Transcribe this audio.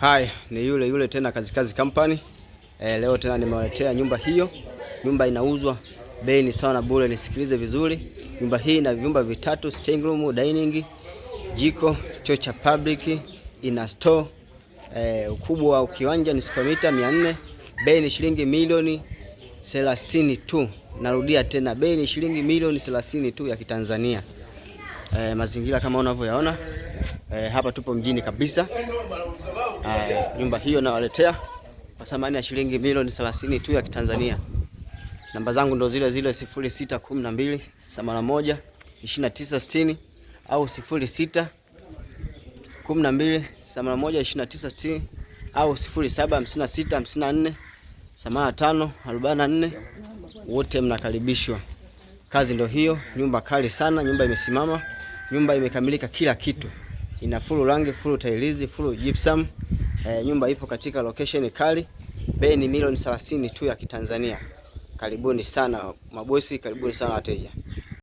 Hai, ni yule yule tena Kazikazi Company. E, leo tena nimewaletea nyumba hiyo. Nyumba inauzwa, bei ni sawa na bure. Nisikilize vizuri, nyumba hii ina vyumba vitatu, sitting room, dining, jiko, choo cha public, ina store. E, ukubwa wa kiwanja ni square mita 400. Bei ni shilingi milioni 30 tu. Narudia tena, bei ni shilingi milioni 30 tu ya Kitanzania. E, mazingira kama unavyoyaona Eh, hapa tupo mjini kabisa. Eh, nyumba hiyo nawaletea kwa thamani ya shilingi milioni 30 tu ya Kitanzania. Namba zangu ndo zile zile 0612 au 06 au 075654 Wote mnakaribishwa. Kazi ndo hiyo, nyumba kali sana, nyumba imesimama, nyumba imekamilika kila kitu ina full rangi, full tailizi, full gypsum. E, nyumba ipo katika location kali, bei ni milioni 30 tu ya Kitanzania. Karibuni sana mabosi, karibuni sana wateja.